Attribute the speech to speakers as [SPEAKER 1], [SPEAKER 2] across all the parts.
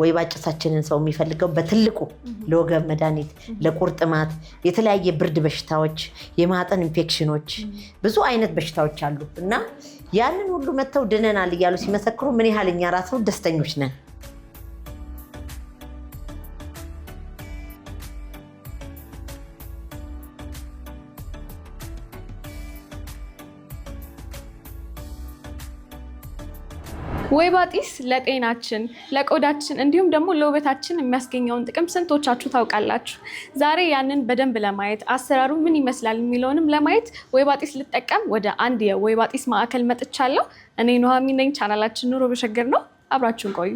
[SPEAKER 1] ወይ ባጭሳችንን ሰው የሚፈልገው በትልቁ ለወገብ መድኃኒት፣ ለቁርጥማት፣ የተለያየ ብርድ በሽታዎች፣ የማጠን ኢንፌክሽኖች፣ ብዙ አይነት በሽታዎች አሉ እና ያንን ሁሉ መጥተው ድነናል እያሉ ሲመሰክሩ ምን ያህል እኛ ራሱ ደስተኞች ነን።
[SPEAKER 2] ወይባ ጢስ ለጤናችን፣ ለቆዳችን እንዲሁም ደግሞ ለውበታችን የሚያስገኘውን ጥቅም ስንቶቻችሁ ታውቃላችሁ? ዛሬ ያንን በደንብ ለማየት አሰራሩ ምን ይመስላል የሚለውንም ለማየት ወይባ ጢስ ልጠቀም ወደ አንድ የወይባ ጢስ ማዕከል መጥቻለሁ። እኔ ኑሃሚ ነኝ። ቻናላችን ኑሮ በሸገር ነው። አብራችሁን ቆዩ።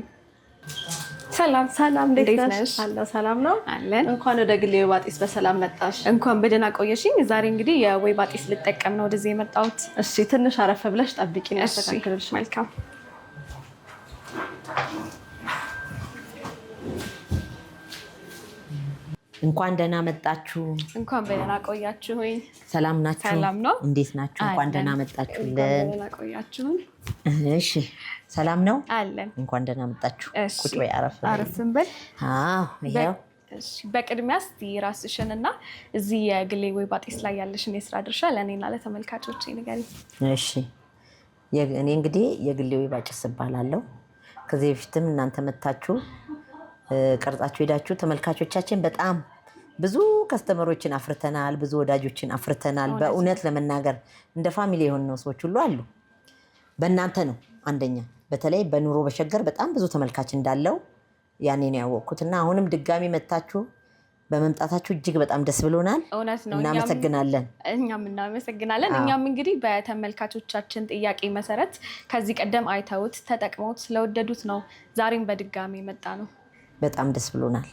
[SPEAKER 2] ሰላም ሰላም፣ እንዴት ነሽ? አለሁ ሰላም ነው አለን። እንኳን ወደ ግሌ ወይባ ጢስ በሰላም መጣሽ። እንኳን በደህና ቆየሽኝ። ዛሬ እንግዲህ የወይባ ጢስ ልጠቀም ነው ወደዚህ የመጣሁት። እሺ፣ ትንሽ አረፈ ብለሽ ጠብቂኝ፣ ያስተካክልልሽ። መልካም
[SPEAKER 1] እንኳን ደህና መጣችሁ።
[SPEAKER 2] እንኳን በደህና ቆያችሁ። ሰላም ናችሁ? ሰላም ነው።
[SPEAKER 1] እንዴት ናችሁ? እንኳን ደህና
[SPEAKER 2] መጣችሁልን።
[SPEAKER 1] እሺ፣ ሰላም ነው አለን። እንኳን ደህና መጣችሁ። ቁጭ በይ፣ አረፍ አረፍ እንበል። አዎ፣ ይኸው
[SPEAKER 2] በቅድሚያ እስቲ ራስሽንና እዚህ የግሌ ወይ ባጤስ ላይ ያለሽን የስራ ድርሻ ለእኔና ለተመልካቾች ንገሪኝ።
[SPEAKER 1] እሺ፣ እኔ እንግዲህ የግሌ ወይ ባጭስ እባላለሁ። ከዚህ በፊትም እናንተ መታችሁ ቀርጻችሁ ሄዳችሁ ተመልካቾቻችን በጣም ብዙ ከስተመሮችን አፍርተናል፣ ብዙ ወዳጆችን አፍርተናል። በእውነት ለመናገር እንደ ፋሚሊ የሆንነው ሰዎች ሁሉ አሉ። በእናንተ ነው አንደኛ። በተለይ በኑሮ በሸገር በጣም ብዙ ተመልካች እንዳለው ያኔ ነው ያወቅኩት እና አሁንም ድጋሚ መታችሁ በመምጣታችሁ እጅግ በጣም ደስ ብሎናል።
[SPEAKER 2] እውነት ነው። እናመሰግናለን። እኛም እናመሰግናለን። እኛም እንግዲህ በተመልካቾቻችን ጥያቄ መሰረት ከዚህ ቀደም አይተውት ተጠቅመውት ስለወደዱት ነው ዛሬም በድጋሚ መጣ ነው።
[SPEAKER 1] በጣም ደስ ብሎናል።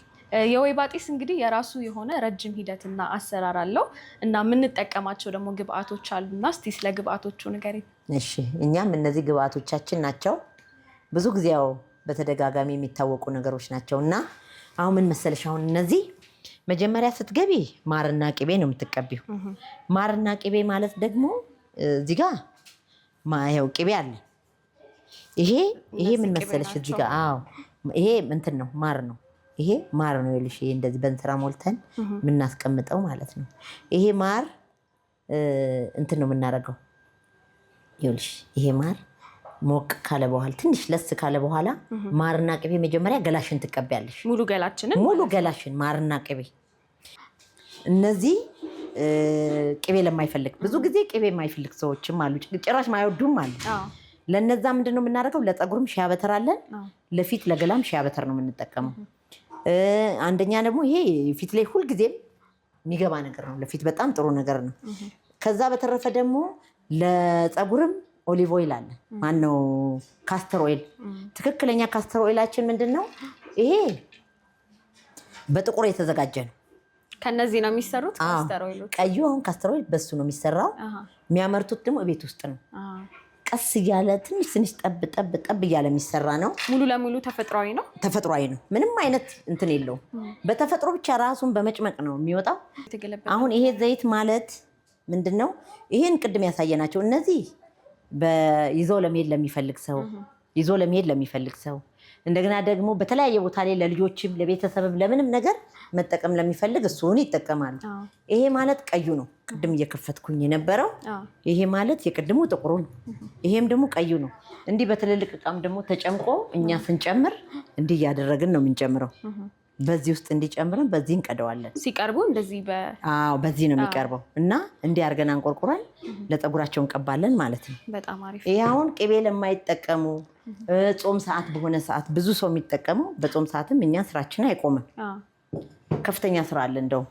[SPEAKER 2] የወይባ ጢስ እንግዲህ የራሱ የሆነ ረጅም ሂደትና አሰራር አለው እና የምንጠቀማቸው ደግሞ ግብአቶች አሉና እስቲ ስለ ግብአቶቹ ንገሪኝ።
[SPEAKER 1] እሺ፣ እኛም እነዚህ ግብአቶቻችን ናቸው። ብዙ ጊዜ ያው በተደጋጋሚ የሚታወቁ ነገሮች ናቸው እና አሁን ምን መሰለሽ፣ አሁን እነዚህ መጀመሪያ ስትገቢ ማርና ቅቤ ነው የምትቀቢው። ማርና ቅቤ ማለት ደግሞ እዚህ ጋ ቅቤ አለ። ይሄ ይሄ ምን መሰለሽ እዚህ ጋ ይሄ እንትን ነው ማር ነው ይሄ ማር ነው ይልሽ፣ እንደዚህ በእንስራ ሞልተን የምናስቀምጠው ማለት ነው። ይሄ ማር እንትን ነው የምናደርገው ይልሽ። ይሄ ማር ሞቅ ካለ በኋላ ትንሽ ለስ ካለ በኋላ ማርና ቅቤ መጀመሪያ ገላሽን ትቀቢያለሽ።
[SPEAKER 2] ሙሉ ገላሽን
[SPEAKER 1] ሙሉ ገላሽን ማርና ቅቤ እነዚህ ቅቤ ለማይፈልግ ብዙ ጊዜ ቅቤ የማይፈልግ ሰዎችም አሉ፣ ጭራሽ ማይወዱም አሉ። ለነዛ ምንድን ነው የምናደርገው? ለፀጉርም ሺያበተር አለን፣ ለፊት ለገላም በተር ነው የምንጠቀመው። አንደኛ ደግሞ ይሄ ፊት ላይ ሁልጊዜም የሚገባ ነገር ነው። ለፊት በጣም ጥሩ ነገር ነው። ከዛ በተረፈ ደግሞ ለፀጉርም ኦሊቭ ኦይል አለ። ማነው ካስተር ኦይል። ትክክለኛ ካስተር ኦይላችን ምንድን ነው? ይሄ በጥቁር የተዘጋጀ ነው።
[SPEAKER 2] ከነዚህ ነው የሚሰሩት።
[SPEAKER 1] ቀዩ አሁን ካስተር ኦይል በሱ ነው የሚሰራው። የሚያመርቱት ደግሞ ቤት ውስጥ ነው። ቀስ እያለ ትንሽ ትንሽ ጠብ ጠብ ጠብ እያለ የሚሰራ ነው።
[SPEAKER 2] ሙሉ ለሙሉ ተፈጥሯዊ ነው።
[SPEAKER 1] ተፈጥሯዊ ነው። ምንም አይነት እንትን የለውም። በተፈጥሮ ብቻ ራሱን በመጭመቅ ነው የሚወጣው። አሁን ይሄ ዘይት ማለት ምንድን ነው? ይሄን ቅድም ያሳየናቸው እነዚህ ይዞ ለመሄድ ለሚፈልግ ሰው ይዞ ለመሄድ ለሚፈልግ ሰው እንደገና ደግሞ በተለያየ ቦታ ላይ ለልጆችም ለቤተሰብም ለምንም ነገር መጠቀም ለሚፈልግ እሱን ይጠቀማሉ። ይሄ ማለት ቀዩ ነው፣ ቅድም እየከፈትኩኝ የነበረው ይሄ ማለት የቅድሙ ጥቁሩ ነው፣ ይሄም ደግሞ ቀዩ ነው። እንዲህ በትልልቅ እቃም ደግሞ ተጨምቆ እኛ ስንጨምር እንዲህ እያደረግን ነው የምንጨምረው። በዚህ ውስጥ እንዲጨምረን በዚህ እንቀደዋለን።
[SPEAKER 2] ሲቀርቡ እንደዚህ
[SPEAKER 1] በዚህ ነው የሚቀርበው እና እንዲህ አድርገን አንቆርቁረን ለፀጉራቸው እንቀባለን ማለት ነው። በጣም አሪፍ። ይህ አሁን ቅቤ ለማይጠቀሙ ጾም ሰዓት በሆነ ሰዓት ብዙ ሰው የሚጠቀመው በጾም ሰዓትም እኛ ስራችን አይቆምም። ከፍተኛ ስራ አለ እንደውም።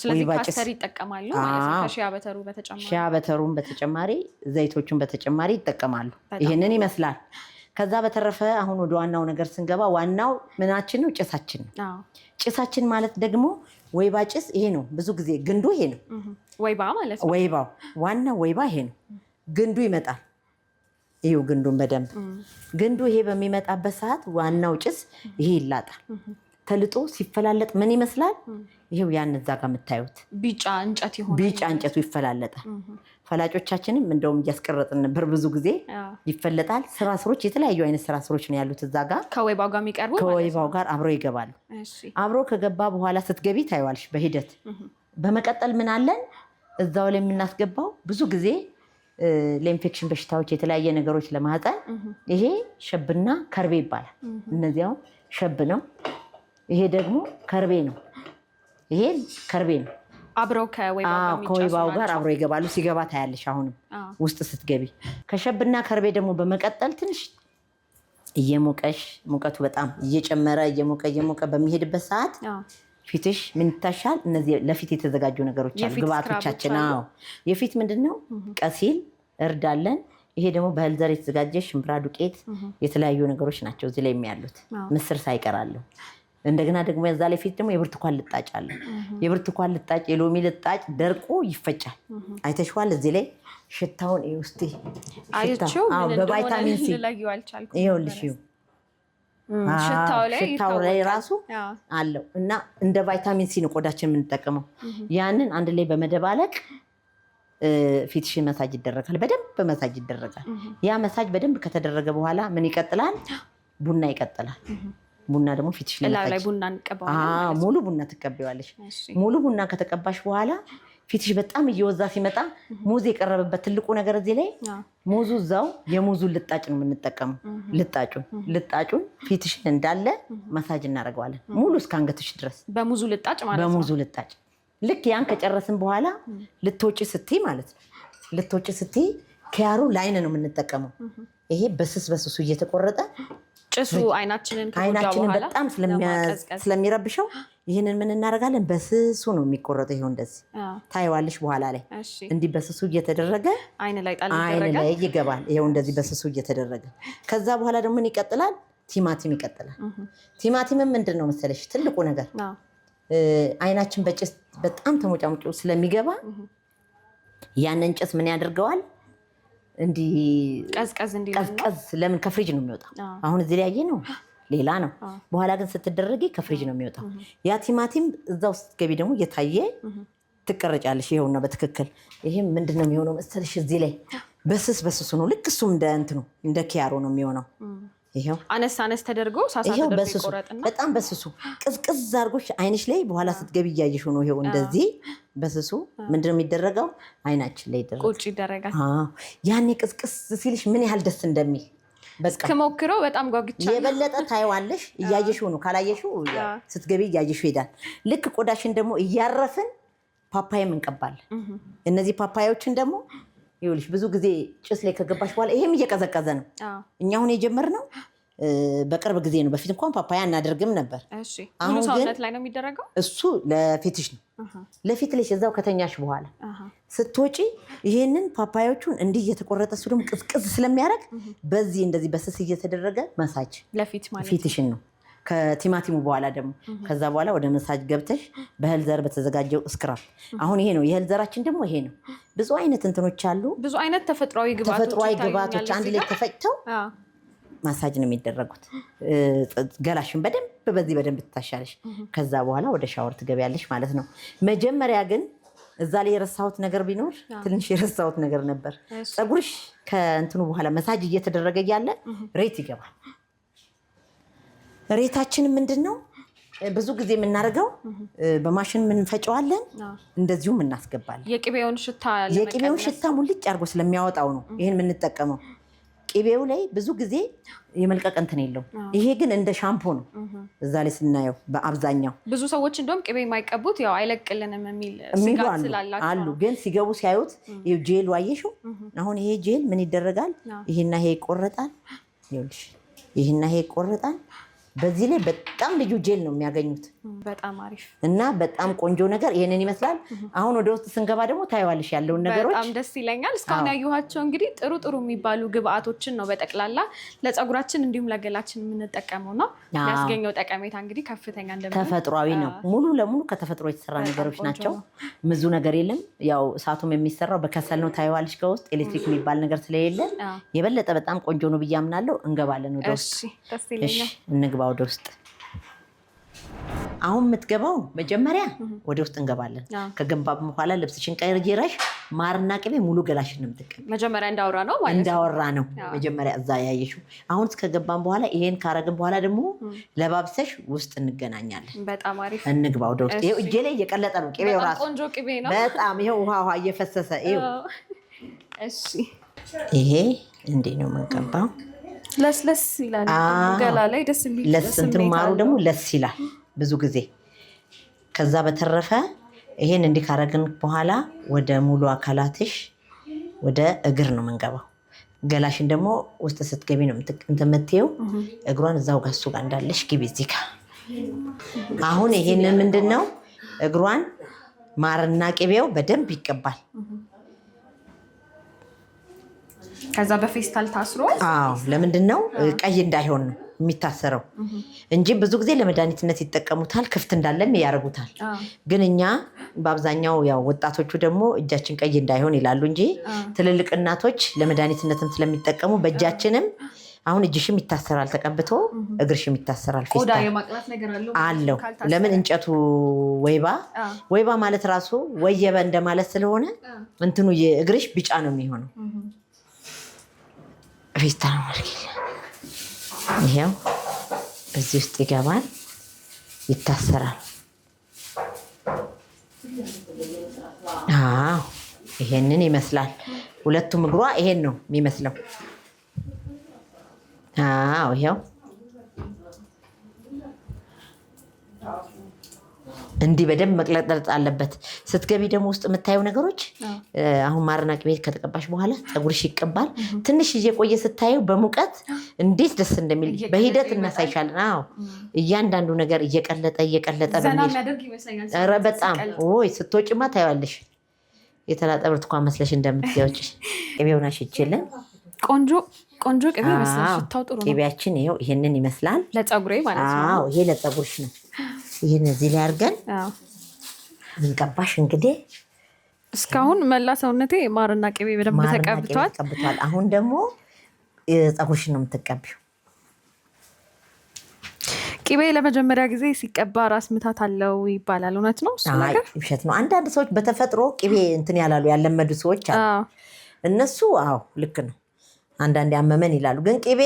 [SPEAKER 2] ስለዚህ ካስተር ይጠቀማሉ ሺያ
[SPEAKER 1] በተሩን በተጨማሪ ዘይቶቹን በተጨማሪ ይጠቀማሉ። ይህንን ይመስላል። ከዛ በተረፈ አሁን ወደ ዋናው ነገር ስንገባ ዋናው ምናችን ነው ጭሳችን ነው። ጭሳችን ማለት ደግሞ ወይባ ጭስ ይሄ ነው። ብዙ ጊዜ ግንዱ ይሄ ነው ወይባ ማለት ነው። ወይባው ዋናው ወይባ ይሄ ነው። ግንዱ ይመጣል። ይሁ ግንዱን በደንብ ግንዱ ይሄ በሚመጣበት ሰዓት ዋናው ጭስ ይሄ ይላጣል። ተልጦ ሲፈላለጥ ምን ይመስላል? ይሄው ያን እዛ ጋር የምታዩት
[SPEAKER 2] ቢጫ እንጨት
[SPEAKER 1] ይሆናል። ቢጫ እንጨቱ ይፈላለጣል። ፈላጮቻችንም እንደውም እያስቀረጥን ነበር። ብዙ ጊዜ ይፈለጣል። ስራ ስሮች፣ የተለያዩ አይነት ስራ ስሮች ነው ያሉት እዛ ጋር
[SPEAKER 2] ከወይባው ጋር የሚቀርቡ
[SPEAKER 1] ከወይባው ጋር አብሮ ይገባሉ። አብሮ ከገባ በኋላ ስትገቢ ታይዋልሽ በሂደት በመቀጠል ምን አለን እዛው ላይ የምናስገባው ብዙ ጊዜ ለኢንፌክሽን በሽታዎች የተለያየ ነገሮች ለማህፀን ይሄ ሸብና ከርቤ ይባላል። እነዚያው ሸብ ነው ይሄ ደግሞ ከርቤ ነው። ይሄ ከርቤ ነው።
[SPEAKER 2] አብረው ከወይባው
[SPEAKER 1] ጋር አብረው ይገባሉ። ሲገባ ታያለሽ። አሁንም ውስጥ ስትገቢ ከሸብና ከርቤ ደግሞ በመቀጠል ትንሽ እየሞቀሽ ሙቀቱ በጣም እየጨመረ እየሞቀ እየሞቀ በሚሄድበት ሰዓት ፊትሽ ምን ይታሻል? እነዚህ ለፊት የተዘጋጁ ነገሮች አሉ፣ ግብአቶቻችን። አዎ የፊት ምንድን ነው? ቀሲል እርዳለን። ይሄ ደግሞ በእህል ዘር የተዘጋጀ ሽምብራ ዱቄት፣ የተለያዩ ነገሮች ናቸው እዚህ ላይ የሚያሉት ምስር ሳይቀራለሁ እንደገና ደግሞ ያዛ ላይ ፊት ደግሞ የብርቱካን ልጣጭ አለ። የብርቱካን ልጣጭ፣ የሎሚ ልጣጭ ደርቆ ይፈጫል። አይተሽዋል። እዚህ ላይ ሽታውን ውስጥ
[SPEAKER 2] በቫይታሚን ሲ ይኸውልሽ፣ ሽታው
[SPEAKER 1] ላይ ራሱ አለው እና እንደ ቫይታሚን ሲ ነው ቆዳችን የምንጠቀመው። ያንን አንድ ላይ በመደባለቅ ፊትሽን መሳጅ ይደረጋል። በደንብ መሳጅ ይደረጋል። ያ መሳጅ በደንብ ከተደረገ በኋላ ምን ይቀጥላል? ቡና ይቀጥላል። ቡና ደግሞ ፊትሽ ላይ ቡና ሙሉ ቡና ትቀቢዋለሽ። ሙሉ ቡና ከተቀባሽ በኋላ ፊትሽ በጣም እየወዛ ሲመጣ ሙዝ የቀረበበት ትልቁ ነገር እዚህ ላይ ሙዙ እዛው የሙዙን ልጣጭ ነው የምንጠቀመው። ልጣጩን ልጣጩን ፊትሽን እንዳለ መሳጅ እናደርገዋለን ሙሉ እስከ አንገትሽ ድረስ
[SPEAKER 2] በሙዙ ልጣጭ
[SPEAKER 1] ማለት ነው። በሙዙ ልጣጭ ልክ ያን ከጨረስን በኋላ ልትወጪ ስትይ ማለት ነው ልትወጪ ስትይ ኪያሩ ላይን ነው የምንጠቀመው። ይሄ በስስ በስሱ እየተቆረጠ
[SPEAKER 2] ጭሱ አይናችንን
[SPEAKER 1] አይናችንን በጣም ስለሚረብሸው ይህንን ምን እናደርጋለን? በስሱ ነው የሚቆረጠው። ይሄው እንደዚህ ታይዋለሽ። በኋላ ላይ እንዲህ በስሱ እየተደረገ አይን ላይ ይገባል። ይሄው እንደዚህ በስሱ እየተደረገ ከዛ በኋላ ደግሞ ምን ይቀጥላል? ቲማቲም ይቀጥላል። ቲማቲምም ምንድን ነው መሰለሽ ትልቁ ነገር አይናችን በጭስ በጣም ተሞጫሙጭ ስለሚገባ ያንን ጭስ ምን ያደርገዋል እንዲህ ቀዝቀዝ ለምን ከፍሪጅ ነው የሚወጣው። አሁን እዚህ ላይ ነው ሌላ ነው። በኋላ ግን ስትደረገ ከፍሪጅ ነው የሚወጣው። ያ ቲማቲም እዛ ውስጥ ገቢ ደግሞ እየታየ ትቀረጫለሽ። ይኸውና በትክክል ይሄም ምንድን ነው የሚሆነው መሰለሽ እዚህ ላይ በስስ በስሱ ነው ልክ እሱም እንደ እንትኑ እንደ ኪያሮ ነው የሚሆነው ይሄው
[SPEAKER 2] አነስ አነስ ተደርጎ ሳሳ ተደርጎ
[SPEAKER 1] በጣም በስሱ ቅዝቅዝ አድርጎሽ አይንሽ ላይ በኋላ ስትገቢ እያየሽ ነው። ይሄው እንደዚህ በስሱ ምንድነው የሚደረገው? አይናችን ላይ ይደረጋል፣
[SPEAKER 2] ቁጭ ይደረጋል።
[SPEAKER 1] ያኔ ቅዝቅዝ ሲልሽ ምን ያህል ደስ እንደሚል
[SPEAKER 2] በቃ በጣም ጓግቻ
[SPEAKER 1] የበለጠ ታይዋለሽ፣ እያየሽው ነው። ካላየሽው ስትገቢ እያየሽው ይሄዳል። ልክ ቆዳሽን ደግሞ እያረፍን ፓፓያም እንቀባለን። እነዚህ ፓፓያዎችን ደግሞ ይኸውልሽ ብዙ ጊዜ ጭስ ላይ ከገባሽ በኋላ ይሄም እየቀዘቀዘ ነው። እኛ አሁን የጀመርነው በቅርብ ጊዜ ነው። በፊት እንኳን ፓፓያ እናደርግም ነበር።
[SPEAKER 2] አሁን ግን ላይ ነው የሚደረገው።
[SPEAKER 1] እሱ ለፊትሽ ነው። ለፊት ልሽ እዛው ከተኛሽ በኋላ ስትወጪ ይሄንን ፓፓያዎቹን እንዲህ እየተቆረጠ እሱ ደግሞ ቅዝቅዝ ስለሚያደርግ በዚህ እንደዚህ በስስ እየተደረገ መሳጅ ፊትሽን ነው ከቲማቲሙ በኋላ ደግሞ ከዛ በኋላ ወደ መሳጅ ገብተሽ በእህል ዘር በተዘጋጀው እስክራብ አሁን ይሄ ነው። የእህል ዘራችን ደግሞ ይሄ ነው። ብዙ አይነት እንትኖች አሉ።
[SPEAKER 2] ብዙ አይነት ተፈጥሯዊ
[SPEAKER 1] ግብአቶች አንድ ላይ ተፈጭተው ማሳጅ ነው የሚደረጉት። ገላሽን በደንብ በዚህ በደንብ ትታሻለሽ። ከዛ በኋላ ወደ ሻወር ትገቢያለሽ ማለት ነው። መጀመሪያ ግን እዛ ላይ የረሳሁት ነገር ቢኖር ትንሽ የረሳሁት ነገር ነበር። ፀጉርሽ ከእንትኑ በኋላ መሳጅ እየተደረገ እያለ ሬት ይገባል። ሬታችን ምንድን ነው? ብዙ ጊዜ የምናደርገው በማሽን ምንፈጨዋለን፣ እንደዚሁም እናስገባለን።
[SPEAKER 2] የቅቤውን ሽታ
[SPEAKER 1] የቅቤውን ሽታ ሙልጭ አድርጎ ስለሚያወጣው ነው ይህን የምንጠቀመው። ቅቤው ላይ ብዙ ጊዜ የመልቀቅ እንትን የለው። ይሄ ግን እንደ ሻምፖ ነው እዛ ላይ ስናየው። በአብዛኛው
[SPEAKER 2] ብዙ ሰዎች እንደውም ቅቤ የማይቀቡት ያው አይለቅልንም የሚል
[SPEAKER 1] አሉ። ግን ሲገቡ ሲያዩት ጄል ዋየሽው። አሁን ይሄ ጄል ምን ይደረጋል? ይሄና ይሄ ይቆረጣል። ይሄና ይሄ ይቆረጣል በዚህ ላይ በጣም ልዩ ጄል ነው የሚያገኙት። በጣም እና በጣም ቆንጆ ነገር ይህንን ይመስላል። አሁን ወደ ውስጥ ስንገባ ደግሞ ታይዋልሽ ያለውን ነገሮች
[SPEAKER 2] በጣም ደስ ይለኛል። እስካሁን ያየኋቸው እንግዲህ ጥሩ ጥሩ የሚባሉ ግብአቶችን ነው በጠቅላላ ለፀጉራችን እንዲሁም ለገላችን የምንጠቀመው ነው። ያስገኘው ጠቀሜታ እንግዲህ ከፍተኛ
[SPEAKER 1] እንደምንም ተፈጥሯዊ ነው። ሙሉ ለሙሉ ከተፈጥሮ የተሰራ ነገሮች ናቸው። ምዙ ነገር የለም። ያው እሳቱም የሚሰራው በከሰል ነው። ታይዋልሽ ከውስጥ ኤሌክትሪክ የሚባል ነገር ስለሌለ የበለጠ በጣም ቆንጆ ነው ብዬ አምናለሁ። እንገባለን ወደ ውስጥ እንግባ ወደ ውስጥ አሁን የምትገባው መጀመሪያ ወደ ውስጥ እንገባለን። ከገንባብ በኋላ ልብስሽን ቀይረሽ ማርና ቅቤ ሙሉ ገላሽን ነው የምትቀቢው።
[SPEAKER 2] መጀመሪያ እንዳወራ ነው
[SPEAKER 1] እንዳወራ ነው መጀመሪያ እዛ ያየሽው። አሁን እስከገባን በኋላ ይሄን ካረግን በኋላ ደግሞ ለባብሰሽ ውስጥ እንገናኛለን። በጣም አሪፍ እንግባ ወደ ውስጥ። ይኸው እጄ ላይ እየቀለጠ ነው ቅቤው ራሱ በጣም ይኸው ውሃ ውሃ እየፈሰሰ ይኸው። እሺ ይሄ እንዴ ነው የምንቀባው።
[SPEAKER 2] ለስለስ ይላል ገላ ላይ ደስ የሚል
[SPEAKER 1] ለስ እንትን ማሩ ደግሞ ለስ ይላል። ብዙ ጊዜ ከዛ በተረፈ ይሄን እንዲህ ካረግን በኋላ ወደ ሙሉ አካላትሽ ወደ እግር ነው የምንገባው። ገላሽን ደግሞ ውስጥ ስትገቢ ነው እንትን እግሯን እዛው ጋር እሱ ጋር እንዳለሽ ግቢ እዚህ ጋር። አሁን ይሄንን ምንድን ነው እግሯን ማርና ቅቤው በደንብ ይቀባል።
[SPEAKER 2] ከዛ በፌስታል ታስሮ
[SPEAKER 1] ለምንድን ነው ቀይ እንዳይሆን ነው የሚታሰረው እንጂ ብዙ ጊዜ ለመድኃኒትነት ይጠቀሙታል። ክፍት እንዳለን ያደርጉታል። ግን እኛ በአብዛኛው ያው ወጣቶቹ ደግሞ እጃችን ቀይ እንዳይሆን ይላሉ እንጂ ትልልቅ እናቶች ለመድኃኒትነትም ስለሚጠቀሙ በእጃችንም አሁን እጅሽም ይታሰራል ተቀብቶ፣ እግርሽም ይታሰራል። አለው ለምን እንጨቱ ወይባ ወይባ ማለት ራሱ ወየበ እንደማለት ስለሆነ እንትኑ እግርሽ ቢጫ ነው የሚሆነው ቤት ይሄው እዚህ ውስጥ ይገባል፣ ይታሰራል። አዎ ይሄንን ይመስላል። ሁለቱም እግሯ ይሄን ነው የሚመስለው። አዎ ይሄው እንዲህ በደንብ መቅለጠለጥ አለበት። ስትገቢ ደግሞ ውስጥ የምታየው ነገሮች አሁን ማርና ቅቤ ከተቀባሽ በኋላ ፀጉርሽ ይቀባል። ትንሽ እየቆየ ስታየው በሙቀት እንዴት ደስ እንደሚል በሂደት እናሳይሻለን። አዎ እያንዳንዱ ነገር እየቀለጠ እየቀለጠ በሚል በጣም ወይ ስትወጪማ ታየዋለሽ የተላጠ ብርቱካን መስለሽ እንደምትያዎች ቅቤውን ሽችልን
[SPEAKER 2] ቆንጆ ቆንጆ ቅቤ ይመስላል። ሽታው ጥሩ
[SPEAKER 1] ቅቤያችን ይኸው ይሄንን ይመስላል። ለፀጉሬ ማለት ነው። ይሄ ለፀጉርሽ ነው። ይህን እዚህ ላይ አድርገን ምንቀባሽ እንግዲህ
[SPEAKER 2] እስካሁን መላ ሰውነቴ ማርና ቅቤ በደንብ ተቀብቷል።
[SPEAKER 1] አሁን ደግሞ ፀጉርሽን ነው የምትቀቢው።
[SPEAKER 2] ቅቤ ለመጀመሪያ ጊዜ ሲቀባ ራስ ምታት አለው ይባላል። እውነት ነው?
[SPEAKER 1] ውሸት ነው። አንዳንድ ሰዎች በተፈጥሮ ቅቤ እንትን ያላሉ ያለመዱ ሰዎች አሉ። እነሱ አዎ ልክ ነው። አንዳንድ ያመመን ይላሉ። ግን ቅቤ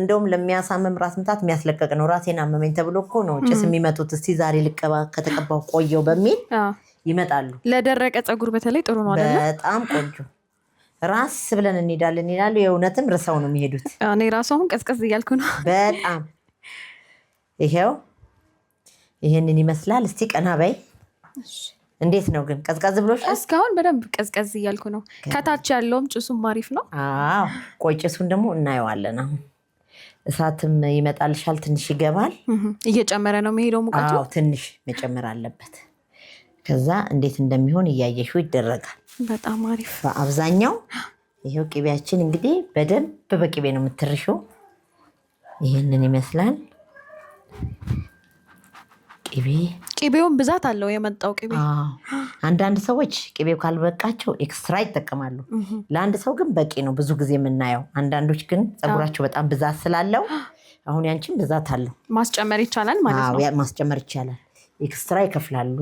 [SPEAKER 1] እንደውም ለሚያሳምም ራስ ምታት የሚያስለቀቅ ነው። ራሴን አመመኝ ተብሎ እኮ ነው ጭስ የሚመጡት። እስቲ ዛሬ ልቀባ ከተቀባው ቆየው በሚል ይመጣሉ።
[SPEAKER 2] ለደረቀ ፀጉር በተለይ ጥሩ
[SPEAKER 1] ነው። በጣም ቆንጆ ራስ ብለን እንሄዳለን ይላሉ። የእውነትም ርሰው ነው የሚሄዱት።
[SPEAKER 2] እኔ ራሱ አሁን ቀዝቀዝ እያልኩ ነው
[SPEAKER 1] በጣም ይሄው ይህንን ይመስላል። እስቲ ቀና በይ። እንዴት ነው ግን ቀዝቀዝ ብሎሻል?
[SPEAKER 2] እስካሁን በደንብ ቀዝቀዝ እያልኩ ነው። ከታች ያለውም ጭሱም አሪፍ ነው።
[SPEAKER 1] ቆይ ጭሱን ደግሞ እናየዋለን። አሁን እሳትም ይመጣልሻል፣ ትንሽ ይገባል።
[SPEAKER 2] እየጨመረ ነው መሄደው ሙቀቱ።
[SPEAKER 1] ትንሽ መጨመር አለበት። ከዛ እንዴት እንደሚሆን እያየሽው ይደረጋል። በጣም አሪፍ። በአብዛኛው ይሄው ቅቤያችን እንግዲህ በደንብ በቅቤ ነው የምትርሺው። ይህንን ይመስላል። ቅቤ
[SPEAKER 2] ቅቤውን ብዛት አለው የመጣው ቅቤ።
[SPEAKER 1] አንዳንድ ሰዎች ቅቤው ካልበቃቸው ኤክስትራ ይጠቀማሉ። ለአንድ ሰው ግን በቂ ነው፣ ብዙ ጊዜ የምናየው። አንዳንዶች ግን ፀጉራቸው በጣም ብዛት ስላለው አሁን ያንቺን ብዛት አለው
[SPEAKER 2] ማስጨመር ይቻላል
[SPEAKER 1] ማለት ነው። ማስጨመር ይቻላል። ኤክስትራ ይከፍላሉ።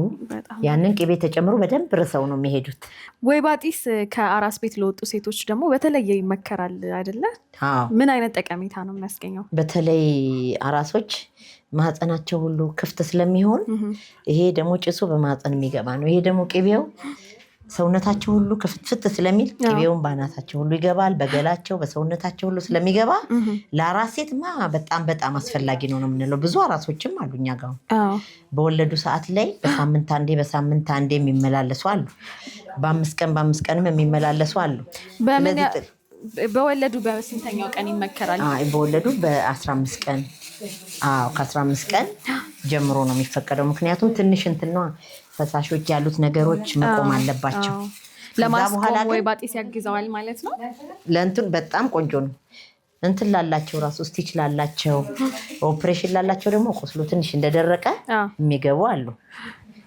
[SPEAKER 1] ያንን ቅቤ ተጨምሮ በደንብ ርሰው ነው የሚሄዱት።
[SPEAKER 2] ወይባ ጢስ ከአራስ ቤት ለወጡ ሴቶች ደግሞ በተለየ ይመከራል አይደለ? ምን አይነት ጠቀሜታ ነው የሚያስገኘው?
[SPEAKER 1] በተለይ አራሶች ማህፀናቸው ሁሉ ክፍት ስለሚሆን ይሄ ደግሞ ጭሱ በማህፀን የሚገባ ነው። ይሄ ደግሞ ቅቤው ሰውነታቸው ሁሉ ክፍትፍት ስለሚል ቅቤውን በአናታቸው ሁሉ ይገባል። በገላቸው በሰውነታቸው ሁሉ ስለሚገባ ለአራስ ሴትማ በጣም በጣም አስፈላጊ ነው ነው የምንለው። ብዙ አራሶችም አሉ እኛ ጋር በወለዱ ሰዓት ላይ በሳምንት አንዴ በሳምንት አንዴ የሚመላለሱ አሉ። በአምስት ቀን በአምስት ቀንም የሚመላለሱ አሉ።
[SPEAKER 2] በወለዱ በስንተኛው ቀን ይመከራል?
[SPEAKER 1] በወለዱ በአስራ አምስት ቀን ከአስራ አምስት ቀን ጀምሮ ነው የሚፈቀደው። ምክንያቱም ትንሽ እንትን ነዋ ፈሳሾች ያሉት ነገሮች መቆም አለባቸው።
[SPEAKER 2] ለማስቆም ወይ ባጢስ ያግዘዋል ማለት ነው።
[SPEAKER 1] ለእንትን በጣም ቆንጆ ነው። እንትን ላላቸው ራሱ ስቲች ላላቸው፣ ኦፕሬሽን ላላቸው ደግሞ ቁስሉ ትንሽ እንደደረቀ የሚገቡ አሉ።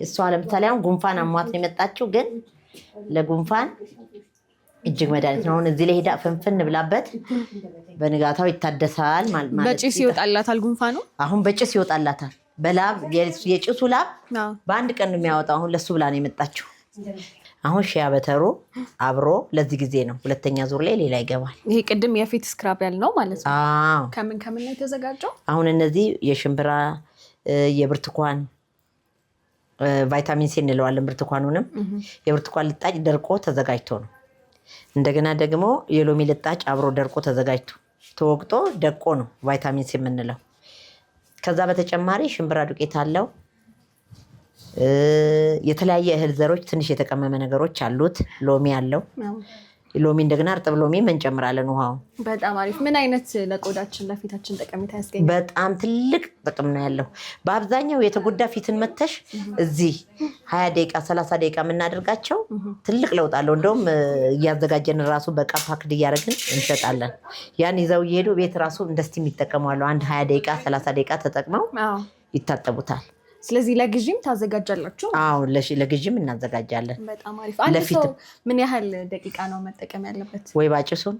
[SPEAKER 1] እሷ ለምሳሌ አሁን ጉንፋን አሟት ነው የመጣችው፣ ግን ለጉንፋን እጅግ መድኃኒት ነው። አሁን እዚህ ላይ ሄዳ ፍንፍን ብላበት በንጋታው ይታደሳል
[SPEAKER 2] ማለት ነው። በጭስ ይወጣላታል ጉንፋኑ፣
[SPEAKER 1] አሁን በጭስ ይወጣላታል። በላብ የጭሱ ላብ በአንድ ቀን ነው የሚያወጣው። አሁን ለሱ ብላ ነው የመጣችው። አሁን ሺያ በተሩ አብሮ ለዚህ ጊዜ ነው። ሁለተኛ ዙር ላይ ሌላ ይገባል።
[SPEAKER 2] ይሄ ቅድም የፊት ስክራብ ያል ነው ማለት ነው። ከምን ከምን ነው የተዘጋጀው?
[SPEAKER 1] አሁን እነዚህ የሽምብራ የብርትኳን ቫይታሚን ሲ እንለዋለን። ብርትኳኑንም የብርቱካን ልጣጭ ደርቆ ተዘጋጅቶ ነው። እንደገና ደግሞ የሎሚ ልጣጭ አብሮ ደርቆ ተዘጋጅቶ ተወቅጦ ደቆ ነው ቫይታሚን ሲ የምንለው ከዛ በተጨማሪ ሽምብራ ዱቄት አለው። የተለያየ እህል ዘሮች፣ ትንሽ የተቀመመ ነገሮች አሉት። ሎሚ አለው። ሎሚ እንደገና እርጥብ ሎሚም እንጨምራለን። ውሃው።
[SPEAKER 2] በጣም አሪፍ። ምን አይነት ለቆዳችን ለፊታችን ጠቀሜታ ያስገኛል?
[SPEAKER 1] በጣም ትልቅ ጥቅም ነው ያለው። በአብዛኛው የተጎዳ ፊትን መተሽ እዚህ ሀያ ደቂቃ ሰላሳ ደቂቃ የምናደርጋቸው ትልቅ ለውጥ አለው። እንደውም እያዘጋጀን ራሱ በቃ ፓክድ እያደረግን እንሸጣለን። ያን ይዘው እየሄዱ ቤት ራሱ እንደስቲም ይጠቀማሉ። አንድ ሀያ ደቂቃ ሰላሳ ደቂቃ ተጠቅመው ይታጠቡታል።
[SPEAKER 2] ስለዚህ ለግዥም ታዘጋጃላችሁ?
[SPEAKER 1] አዎ ለግዥም እናዘጋጃለን።
[SPEAKER 2] በጣም አሪፍ። አንድ ሰው ምን ያህል ደቂቃ ነው መጠቀም ያለበት?
[SPEAKER 1] ወይ ባጭሱን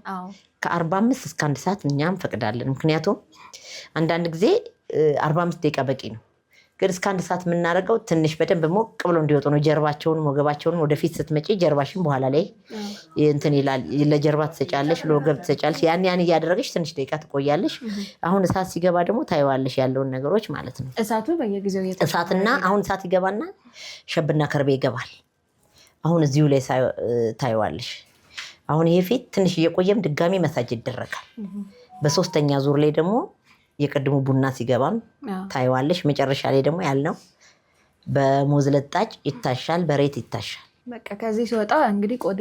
[SPEAKER 1] ከአርባ አምስት እስከ አንድ ሰዓት እኛ ፈቅዳለን ምክንያቱም አንዳንድ ጊዜ አርባ አምስት ደቂቃ በቂ ነው። ግን እስከ አንድ ሰዓት የምናደርገው ትንሽ በደንብ ሞቅ ብሎ እንዲወጡ ነው። ጀርባቸውን፣ ወገባቸውን ወደፊት ስትመጪ ጀርባሽን በኋላ ላይ እንትን ይላል። ለጀርባ ትሰጫለሽ፣ ለወገብ ትሰጫለሽ። ያን ያን እያደረገች ትንሽ ደቂቃ ትቆያለሽ። አሁን እሳት ሲገባ ደግሞ ታየዋለሽ ያለውን ነገሮች ማለት ነው።
[SPEAKER 2] እሳቱ በየጊዜው
[SPEAKER 1] እሳትና አሁን እሳት ይገባና ሸብና ከርቤ ይገባል። አሁን እዚሁ ላይ ታየዋለሽ። አሁን ይሄ ፊት ትንሽ እየቆየም ድጋሚ መሳጅ ይደረጋል። በሶስተኛ ዙር ላይ ደግሞ የቅድሙ ቡና ሲገባም ታይዋለሽ። መጨረሻ ላይ ደግሞ ያልነው በሙዝ ልጣጭ ይታሻል፣ በሬት ይታሻል።
[SPEAKER 2] በቃ ከዚህ ሲወጣ እንግዲህ ቆዴ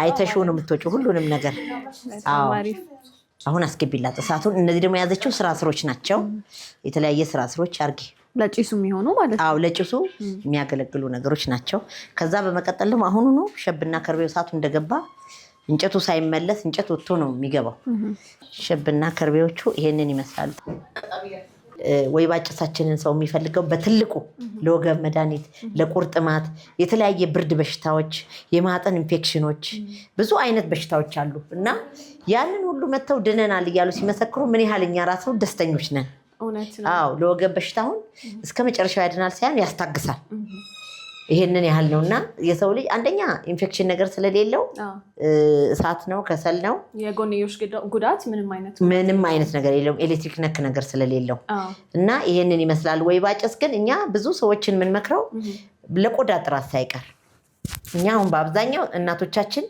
[SPEAKER 1] አይተሽው ነው የምትወጪው ሁሉንም ነገር። አሁን አስገቢላት እሳቱን። እነዚህ ደግሞ የያዘችው ስራ ስሮች ናቸው። የተለያየ ስራ ስሮች አርጌ
[SPEAKER 2] ለጭሱ የሚሆኑ ማለት
[SPEAKER 1] ነው። ለጭሱ የሚያገለግሉ ነገሮች ናቸው። ከዛ በመቀጠል ደግሞ አሁኑኑ ሸብና ከርቤው እሳቱ እንደገባ እንጨቱ ሳይመለስ እንጨት ወጥቶ ነው የሚገባው። ሽብና ከርቤዎቹ ይሄንን ይመስላሉ። ወይ ባጭሳችንን ሰው የሚፈልገው በትልቁ ለወገብ መድኃኒት፣ ለቁርጥማት፣ የተለያየ ብርድ በሽታዎች፣ የማጠን ኢንፌክሽኖች፣ ብዙ አይነት በሽታዎች አሉ እና ያንን ሁሉ መጥተው ድነናል እያሉ ሲመሰክሩ ምን ያህል እኛ ራሱ ደስተኞች ነን። ለወገብ በሽታ አሁን እስከ መጨረሻው ያድናል ሳይሆን ያስታግሳል። ይሄንን ያህል ነው እና የሰው ልጅ አንደኛ ኢንፌክሽን ነገር ስለሌለው እሳት ነው ከሰል ነው
[SPEAKER 2] የጎንዮሽ ጉዳት
[SPEAKER 1] ምንም አይነት ነገር የለውም። ኤሌክትሪክ ነክ ነገር ስለሌለው እና ይሄንን ይመስላል። ወይ ባጨስ ግን እኛ ብዙ ሰዎችን የምንመክረው ለቆዳ ጥራት ሳይቀር እኛ አሁን በአብዛኛው እናቶቻችን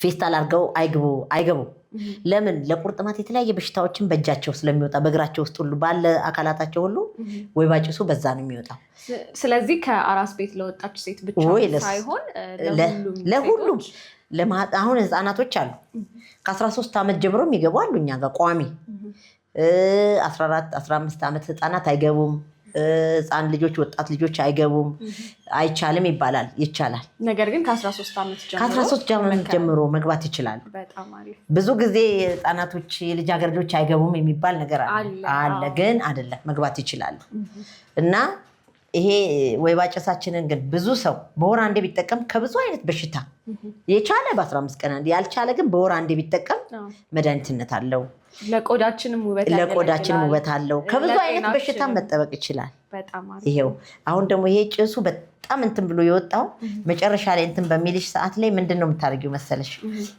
[SPEAKER 1] ፌስታል አድርገው አይግቡ አይገቡ ለምን ለቁርጥማት የተለያየ በሽታዎችን በእጃቸው ስለሚወጣ በእግራቸው ውስጥ ሁሉ ባለ አካላታቸው ሁሉ ወይባ ጭሱ በዛ ነው የሚወጣው።
[SPEAKER 2] ስለዚህ ከአራስ ቤት ለወጣች ሴት ብቻ ሳይሆን
[SPEAKER 1] ለሁሉም አሁን ህፃናቶች አሉ ከ13 ዓመት ጀምሮ የሚገቡ አሉ እኛ ጋር ቋሚ 14 15 ዓመት ህፃናት አይገቡም። ህፃን ልጆች ወጣት ልጆች አይገቡም፣ አይቻልም ይባላል። ይቻላል።
[SPEAKER 2] ነገር ግን ከአስራ ሶስት
[SPEAKER 1] ዓመት ጀምሮ መግባት ይችላል ብዙ ጊዜ ህፃናቶች የልጃገረዶች አይገቡም የሚባል ነገር አለ፣ ግን አይደለም፣ መግባት ይችላሉ። እና ይሄ ወይባ ጭሳችንን ግን ብዙ ሰው በወር አንዴ ቢጠቀም ከብዙ አይነት በሽታ የቻለ በ15 ቀን ያልቻለ ግን በወር አንዴ ቢጠቀም መድኃኒትነት አለው።
[SPEAKER 2] ለቆዳችንም
[SPEAKER 1] ውበት አለው። ከብዙ አይነት በሽታ መጠበቅ ይችላል። ይሄው አሁን ደግሞ ይሄ ጭሱ በጣም እንትን ብሎ የወጣው መጨረሻ ላይ እንትን በሚልሽ ሰዓት ላይ ምንድን ነው የምታደርጊው መሰለሽ?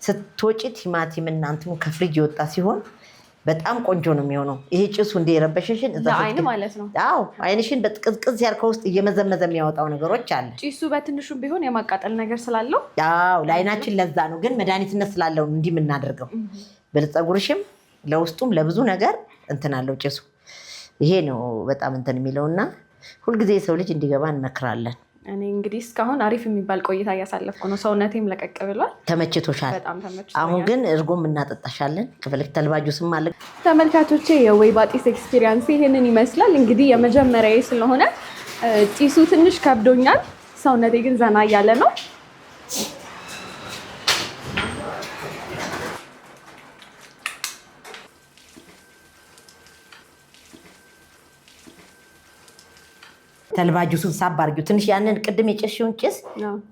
[SPEAKER 1] ስትወጪ ቲማቲም እና እንትኑ ከፍሪጅ የወጣ ሲሆን በጣም ቆንጆ ነው የሚሆነው። ይሄ ጭሱ እንደ የረበሸሽን አዎ፣ አይንሽን በጥቅዝቅዝ ያልከ ውስጥ እየመዘመዘ የሚያወጣው ነገሮች አለ።
[SPEAKER 2] ጭሱ በትንሹ ቢሆን የማቃጠል ነገር ስላለው
[SPEAKER 1] አዎ፣ ለአይናችን ለዛ ነው። ግን መድኃኒትነት ስላለው እንዲህ የምናደርገው ብልፀጉርሽም ለውስጡም ለብዙ ነገር እንትን አለው ጭሱ። ይሄ ነው በጣም እንትን የሚለውና ሁልጊዜ የሰው ልጅ እንዲገባ እንመክራለን።
[SPEAKER 2] እኔ እንግዲህ እስካሁን አሪፍ የሚባል ቆይታ እያሳለፍኩ ነው። ሰውነቴም ለቀቅ ብሏል።
[SPEAKER 1] ተመችቶሻል? አሁን ግን እርጎም እናጠጣሻለን። ክፍልክ ተልባጁ ስም አለ።
[SPEAKER 2] ተመልካቾቼ የወይባ ጢስ ኤክስፒሪያንስ ይህንን ይመስላል። እንግዲህ የመጀመሪያ ስለሆነ ጢሱ ትንሽ ከብዶኛል። ሰውነቴ ግን ዘና እያለ ነው።
[SPEAKER 1] ተልባ ጁሱን ሳብ አድርጊው። ትንሽ ያንን ቅድም የጨሽውን ጭስ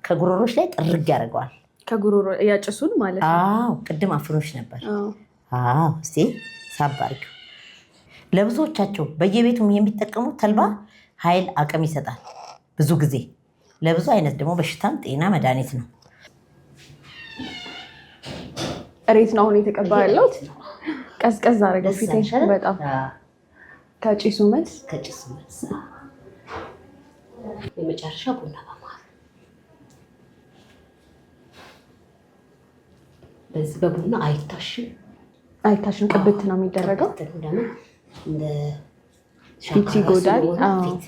[SPEAKER 1] ከጉሮሮች ላይ ጥርግ ያደርገዋል።
[SPEAKER 2] ከጉሮሮ ያጭሱን ማለት
[SPEAKER 1] ነው። ቅድም አፍኖች ነበር። እስኪ ሳብ አድርጊው። ለብዙዎቻቸው በየቤቱም የሚጠቀሙት ተልባ ኃይል አቅም ይሰጣል። ብዙ ጊዜ ለብዙ አይነት ደግሞ በሽታም ጤና መድኃኒት ነው።
[SPEAKER 2] እሬት ነው አሁን የተቀባ ያለሁት። ቀዝቀዝ አደረገው ፊቴ በጣም ከጭሱ መልስ
[SPEAKER 1] የመጨረሻ ቡና በማር በዚህ በቡና አይታሽም
[SPEAKER 2] አይታሽም ቅብት ነው የሚደረገው።
[SPEAKER 1] ለምን እንደ
[SPEAKER 2] ፊት ይጎዳል፣
[SPEAKER 1] ፊት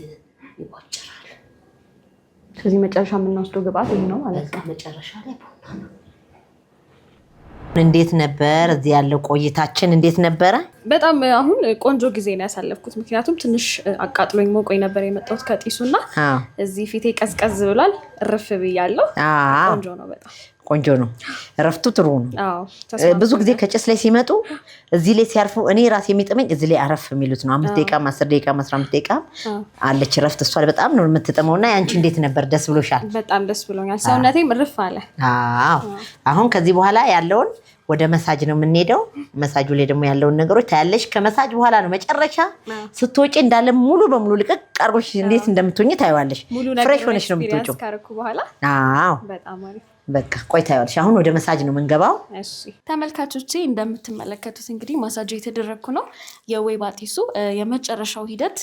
[SPEAKER 1] ይቆጭራል።
[SPEAKER 2] ስለዚህ መጨረሻ የምንወስደው ግብአት ይህ ነው
[SPEAKER 1] ማለት ነው። መጨረሻ ላይ ቡና ነው። እንዴት ነበር እዚህ ያለው ቆይታችን? እንዴት ነበረ?
[SPEAKER 2] በጣም አሁን ቆንጆ ጊዜ ነው ያሳለፍኩት። ምክንያቱም ትንሽ አቃጥሎኝ ሞቆኝ ነበር የመጣሁት እና እዚህ ፊቴ ቀዝቀዝ ብሏል። እርፍ ብያለሁ። ቆንጆ ነው፣ በጣም
[SPEAKER 1] ቆንጆ ነው። እረፍቱ ጥሩ ነው። ብዙ ጊዜ ከጭስ ላይ ሲመጡ እዚህ ላይ ሲያርፉ እኔ ራሴ የሚጥመኝ እዚህ ላይ አረፍ የሚሉት ነው። አምስት ደቂቃም አስር ደቂቃም አስራ አምስት ደቂቃም አለች እረፍት። እሷ በጣም ነው የምትጥመው። እና የአንቺ እንዴት ነበር? ደስ ብሎሻል?
[SPEAKER 2] በጣም ደስ ብሎኛል። ሰውነቴም እርፍ አለ።
[SPEAKER 1] አሁን ከዚህ በኋላ ያለውን ወደ መሳጅ ነው የምንሄደው። መሳጁ ላይ ደግሞ ያለውን ነገሮች ታያለሽ። ከመሳጅ በኋላ ነው መጨረሻ ስትወጪ እንዳለ ሙሉ በሙሉ ልቅቅ አድርጎሽ እንዴት እንደምትሆኝ ታይዋለሽ። ፍሬሽ ሆነሽ ነው የምትወጪው። አዎ በቃ ቆይ ታይዋለሽ። አሁን ወደ መሳጅ ነው የምንገባው።
[SPEAKER 2] ተመልካቾቼ እንደምትመለከቱት እንግዲህ ማሳጅ የተደረግኩ ነው። የወይባ ጢሱ የመጨረሻው ሂደት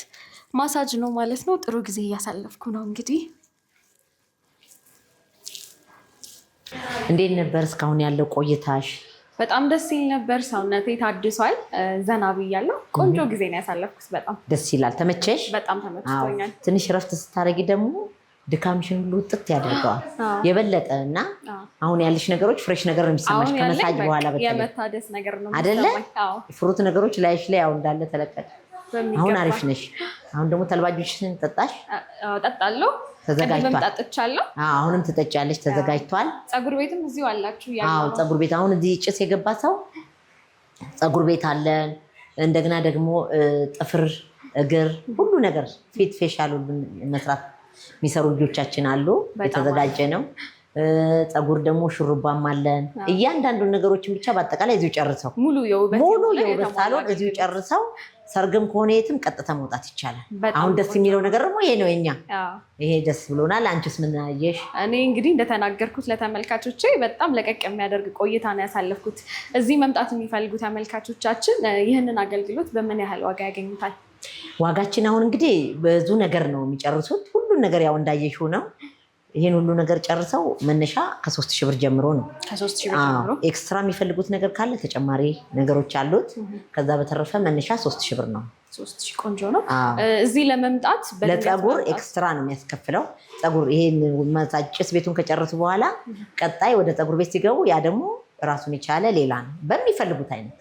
[SPEAKER 2] ማሳጅ ነው ማለት ነው። ጥሩ ጊዜ እያሳለፍኩ ነው እንግዲህ
[SPEAKER 1] እንዴት ነበር እስካሁን ያለው ቆይታሽ?
[SPEAKER 2] በጣም ደስ ይል ነበር። ሰውነቴ ታድሷል። ዘና ብያለሁ። ቆንጆ ጊዜ ነው ያሳለፍኩት። በጣም
[SPEAKER 1] ደስ ይላል። ተመቸሽ?
[SPEAKER 2] በጣም ተመችቶኛል።
[SPEAKER 1] ትንሽ ረፍት ስታደርጊ ደግሞ ድካምሽን ሁሉ ውጥት ያደርገዋል የበለጠ እና አሁን ያለሽ ነገሮች ፍሬሽ ነገር ነው የሚሰማሽ። ከመሳጅ በኋላ
[SPEAKER 2] የመታደስ ነገር
[SPEAKER 1] ነው አደለ? ፍሩት ነገሮች ላይሽ ላይ ያው እንዳለ ተለቀቀ። አሁን አሪፍ ነሽ። አሁን ደግሞ ተልባጆችን ጠጣሽ?
[SPEAKER 2] ጠጣለሁ ተዘጋጅቷል።
[SPEAKER 1] አሁንም ትጠጫለች፣ ተዘጋጅቷል።
[SPEAKER 2] ፀጉር ቤትም እዚሁ አላችሁ?
[SPEAKER 1] አዎ፣ ፀጉር ቤት አሁን እዚህ ጭስ የገባ ሰው ፀጉር ቤት አለን። እንደገና ደግሞ ጥፍር፣ እግር፣ ሁሉ ነገር ፊት፣ ፌሻል ሁሉ መስራት የሚሰሩ ልጆቻችን አሉ። የተዘጋጀ ነው። ፀጉር ደግሞ ሹሩባም አለን። እያንዳንዱ ነገሮችን ብቻ በአጠቃላይ እዚሁ ጨርሰው ሙሉ የውበት ሳሎን እዚሁ ጨርሰው ሰርግም ከሆነ የትም ቀጥታ መውጣት ይቻላል። አሁን ደስ የሚለው ነገር ደግሞ ይሄ ነው። የኛ ይሄ ደስ ብሎናል። አንቺስ ምን አየሽ?
[SPEAKER 2] እኔ እንግዲህ እንደተናገርኩት ለተመልካቾቼ በጣም ለቀቅ የሚያደርግ ቆይታ ነው ያሳለፍኩት። እዚህ መምጣት የሚፈልጉ ተመልካቾቻችን ይህንን አገልግሎት በምን ያህል ዋጋ ያገኙታል?
[SPEAKER 1] ዋጋችን አሁን እንግዲህ ብዙ ነገር ነው የሚጨርሱት። ሁሉን ነገር ያው እንዳየሽው ነው ይህን ሁሉ ነገር ጨርሰው መነሻ ከሶስት ሺህ ብር ጀምሮ ነው። ኤክስትራ የሚፈልጉት ነገር ካለ ተጨማሪ ነገሮች አሉት። ከዛ በተረፈ መነሻ ሶስት ሺህ ብር ነው።
[SPEAKER 2] ቆንጆ ነው። እዚህ ለመምጣት
[SPEAKER 1] ለፀጉር ኤክስትራ ነው የሚያስከፍለው። ፀጉር ይሄን ጭስ ቤቱን ከጨረሱ በኋላ ቀጣይ ወደ ፀጉር ቤት ሲገቡ ያ ደግሞ ራሱን የቻለ ሌላ ነው በሚፈልጉት አይነት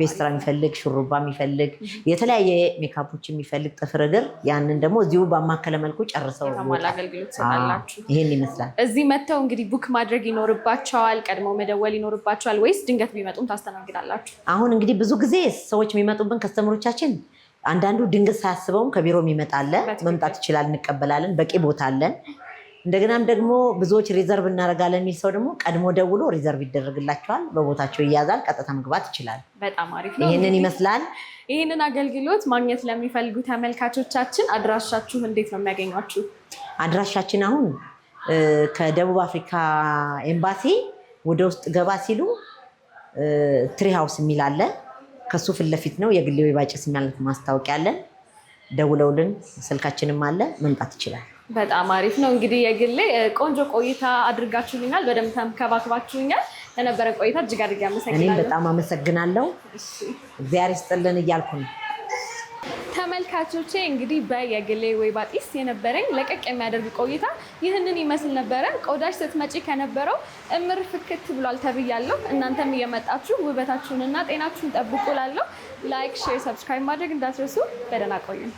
[SPEAKER 1] ፔስትራ የሚፈልግ ሹሩባ የሚፈልግ የተለያየ ሜካፖች የሚፈልግ ጥፍር እግር፣ ያንን ደግሞ እዚሁ ባማከለ መልኩ ጨርሰው አገልግሎት ይህን ይመስላል።
[SPEAKER 2] እዚህ መጥተው እንግዲህ ቡክ ማድረግ ይኖርባቸዋል፣ ቀድሞ መደወል ይኖርባቸዋል ወይስ ድንገት ቢመጡም ታስተናግዳላችሁ?
[SPEAKER 1] አሁን እንግዲህ ብዙ ጊዜ ሰዎች የሚመጡብን ከስተምሮቻችን አንዳንዱ ድንገት ሳያስበውም ከቢሮ የሚመጣለ መምጣት ይችላል፣ እንቀበላለን። በቂ ቦታ አለን። እንደገናም ደግሞ ብዙዎች ሪዘርቭ እናደርጋለን የሚል ሰው ደግሞ ቀድሞ ደውሎ ሪዘርቭ ይደረግላቸዋል። በቦታቸው ይያዛል። ቀጥታ መግባት ይችላል። በጣም አሪፍ ነው። ይህንን ይመስላል።
[SPEAKER 2] ይህንን አገልግሎት ማግኘት ለሚፈልጉ ተመልካቾቻችን አድራሻችሁ እንዴት ነው የሚያገኟችሁ?
[SPEAKER 1] አድራሻችን አሁን ከደቡብ አፍሪካ ኤምባሲ ወደ ውስጥ ገባ ሲሉ ትሪ ሃውስ የሚል አለ። ከሱ ፊት ለፊት ነው የግሌ ባጭስ የሚያለት ማስታወቂያ አለን። ደውለውልን ስልካችንም አለ መምጣት ይችላል።
[SPEAKER 2] በጣም አሪፍ ነው። እንግዲህ የግሌ ቆንጆ ቆይታ አድርጋችሁኛል፣ በደንብ ተንከባክባችሁኛል። ለነበረ ቆይታ እጅግ አድርጌ አመሰግናለሁ።
[SPEAKER 1] እኔም በጣም አመሰግናለሁ። እግዚአብሔር ይስጥልን እያልኩ ነው።
[SPEAKER 2] ተመልካቾቼ እንግዲህ በየግሌ ወይባ ጢስ የነበረኝ ለቀቅ የሚያደርግ ቆይታ ይህንን ይመስል ነበረ። ቆዳሽ ስትመጪ ከነበረው እምር ፍክት ብሏል ተብያለሁ። እናንተም እየመጣችሁ ውበታችሁንና ጤናችሁን ጠብቁ ላለሁ ላይክ፣ ሼር፣ ሰብስክራይብ ማድረግ እንዳትረሱ። በደህና ቆዩን።